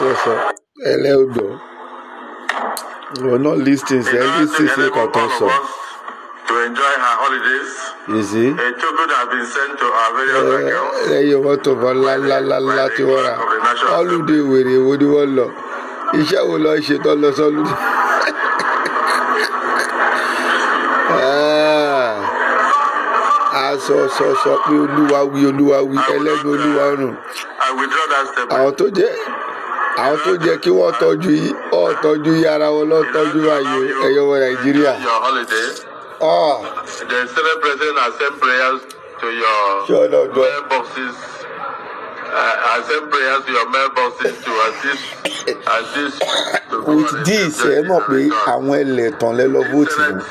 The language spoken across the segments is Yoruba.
sọ̀sọ̀ ẹlẹ́ ọgbọ̀ wọn náà lis ten sí sọ. To enjoy her holidays. You see? A token has been sent to our various uh, accounts. Ẹyẹ wọn tó bọ̀ ńláńláńlá tí wọ́n ra. Ọ́lùdé wèrè wo ni wọ́n lọ? Iṣẹ́ wo lọ ṣe tán lọ sọ́lùdé? Ah. sọ sọ sọ pé olúwa wí olúwa wí ẹlẹ́nu olúwa rùn àwọn tó jẹ́ àwọn tó jẹ kí wọ́n tọ́jú ọ tọ́jú yí ara wọn lọ tọ́jú báyìí ẹyọ ọmọ nàìjíríà. Ah. The seven president has sent prayers to your mailboxes. Uh, I send prayers to your mailboxes to assist assist with this ẹ mọ̀ pé àwọn ẹlẹ́tàn lẹ lọ vote yìí.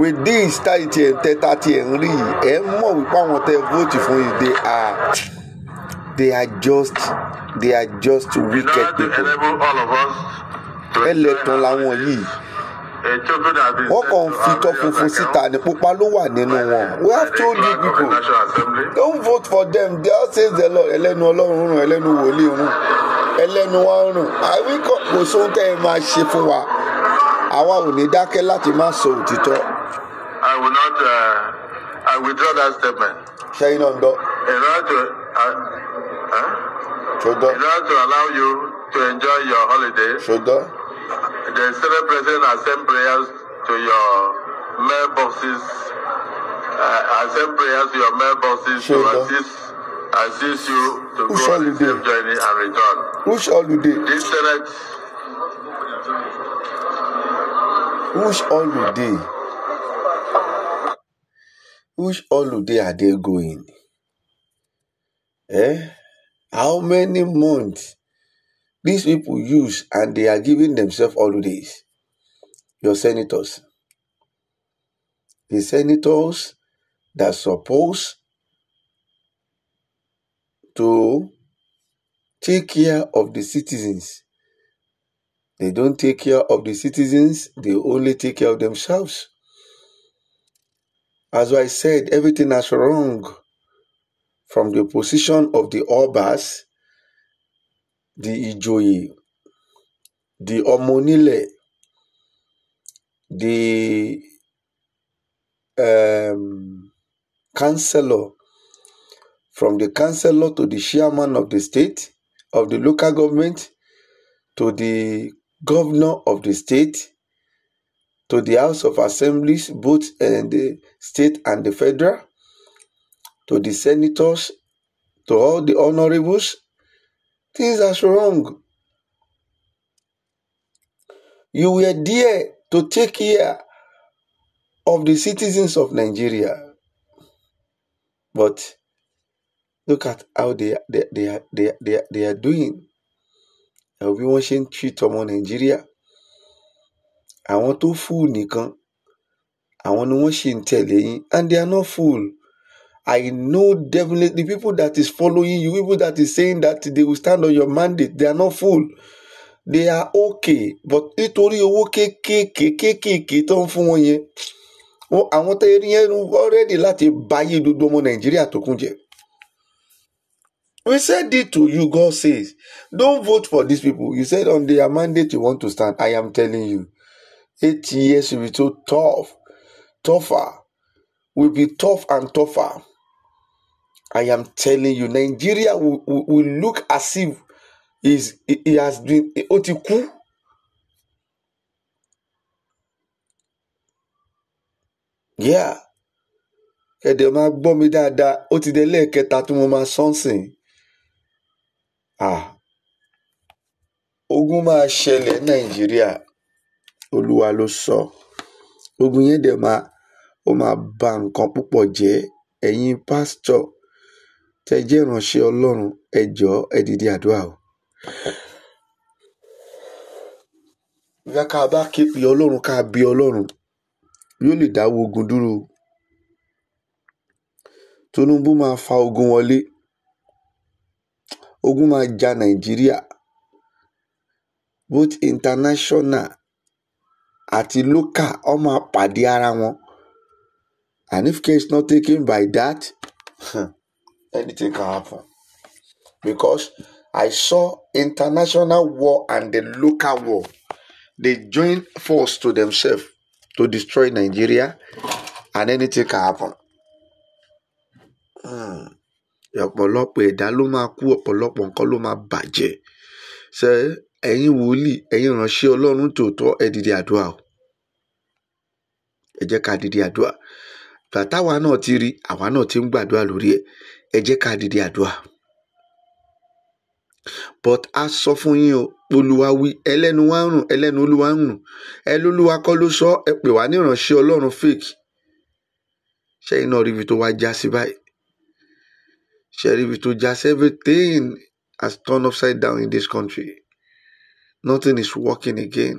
with this tá ìtì ẹ̀ ń tẹ́ tá ti ẹ̀ ń rí ẹ mọ̀ wípé àwọn tẹ́ vote fún yìí dé a they are just they are just wicked people ẹlẹ́tàn làwọn yìí wọ́n kàn fi tọ́ síta ní pupa ló wà nínú wọn we have told you people don't vote for them they all say the lord ẹlẹ́nu ọlọ́run rùn ẹlẹ́nu wòlíì rùn ẹlẹ́nu wọn rùn àwíkọ̀ kò sóhun tẹ́ ẹ máa ṣe fún wa àwa ò ní dákẹ́ láti má sọ òtítọ́. I will not uh, I withdraw that statement. ṣẹ́yìn náà ń dọ́. in order to. Uh, Shodo. In order to allow you to enjoy your holiday, Shodo. the Senate President has sent prayers to your mailboxes. Uh, I send prayers to your mailboxes Shodo. to assist assist you to Who go on the safe journey and return. Which holiday? This Senate. Which holiday? Which holiday are they going? Eh? How many months these people use and they are giving themselves all this? Your senators. The senators that supposed to take care of the citizens. They don't take care of the citizens, they only take care of themselves. As I said, everything is wrong from the position of the obas, the ìjòyè, the Omonile, the um, councillor, from the councillor to the chairman of the state, of the local government, to the governor of the state, to the House of Assemblies, both in the state and the federal, to the senators, to all the honorables, things are wrong. You were there to take care of the citizens of Nigeria. But look at how they, they, they, they, they, they are doing. Ẹ̀wọ̀n bí wọ́n ṣe ń treat ọmọ Nàìjíríà. Àwọn tó fool nìkan, àwọn ni wọ́n ṣì ń tẹ̀lé yín and they are not fool. I know definitely the people that is following you, people that is saying that they will stand on your mandate, they are not fool. They are okay, but nítorí owó kéékèèké kéékèèké tó ń fún wọn yẹn, àwọn tó yẹn yẹn already láti báyé gbogbo ọmọ Nàìjíríà tó kún jẹ. We said it to you, God says, don't vote for these people. You said on their mandate you want to stand. I am telling you, eight years will be so tough, tougher, will be tough and tougher. I am telling you, Nigeria will, will, will look as if is he has been ó ti kú. Yeah. Ẹ̀dẹ̀ máa gbọ́ mi dáadáa, ó ti dé lẹ́ẹ̀kẹta tí mo máa sọ́nsìn. Ah. Ogun máa ṣẹlẹ̀ Nàìjíríà, Olúwa ló sọ. Ogun yẹn dẹ̀ máa ó máa ba nǹkan púpọ̀ jẹ́ ẹ̀yin pásítọ̀ tẹ́ jẹ́ ìránṣẹ́ Ọlọ́run ẹ jọ̀ọ́ ẹ dìde àdúrà o. Bí a ká bá ké pe Ọlọ́run ká bí Ọlọ́run yóò lè dáwọ́ ogun dúró. Tinubu máa fa ogun wọlé. Ogun máa ja Nàìjíríà both international àti local wọ́n máa pàdé ara wọn and if care is not taken by that. Hmm anything can happen because I saw international war and the local war. They join force to themselves to destroy Nigeria, and anything can happen. Hmm. ọ̀pọ̀lọpọ̀ ẹ̀dá ló máa kú ọ̀pọ̀lọpọ̀ nǹkan ló máa bàjẹ́ ṣe ẹ̀yin wòlíì ẹ̀yin ìránṣẹ́ Ọlọ́run tòótọ́ ẹ dìde àdúrà o ẹ jẹ́ ká dìde àdúrà bàtà àwa náà ti rí àwa náà ti ń gbàdúrà lórí ẹ̀ ẹ jẹ́ ká dìde àdúrà but a sọ fún yín o olúwa wí ẹlẹ́nu wa ń rùn ẹlẹ́nu olúwa ń rùn ẹ lólúwa kọ́ ló sọ ẹ pè wá níránṣẹ́ ọlọ́run fake ṣẹ́yìn náà ríbi tó wá já sí báyìí ṣe ríbi tó já sí everything has turned upside down in this country nothing is working again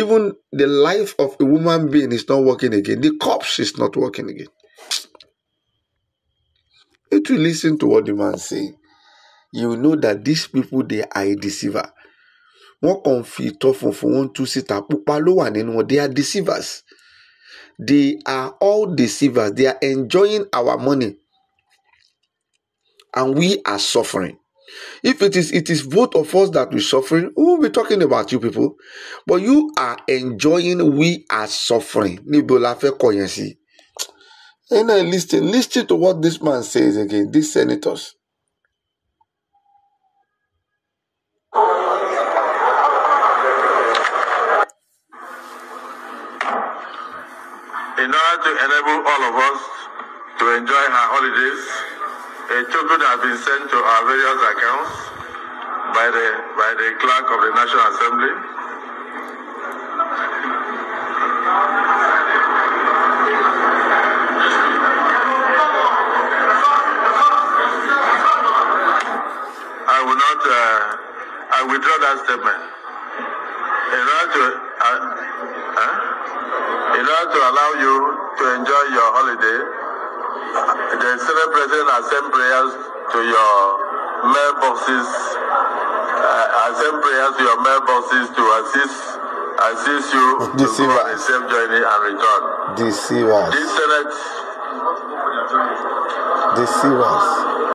even the life of a woman being is not working again the corpse is not working again. If you listen to what the man say, you know that these people they are a deceiver. Wọ́n kàn fi ìtọ́ funfun wọn tú síta pupa ló wà nínú wọn. They are deceivers. They are all deceivers. They are enjoying our money and we are suffering. If it is it is both of us that we suffering, we will be talking about you people. But you are enjoying, we are suffering. Níbo la fẹ́ kọ yẹn sí? And I listen, listen to what this man says again, these senators. In order to enable all of us to enjoy our holidays, a token has been sent to our various accounts by the by the clerk of the National Assembly I will not, uh, I withdraw that statement. In order to, uh, huh? in order to allow you to enjoy your holiday, the Senate President has sent prayers to your mailboxes, uh, has sent prayers to your mailboxes to assist assist you Deceivers. to go on a safe journey and return. Deceivers. This Senate. Deceivers.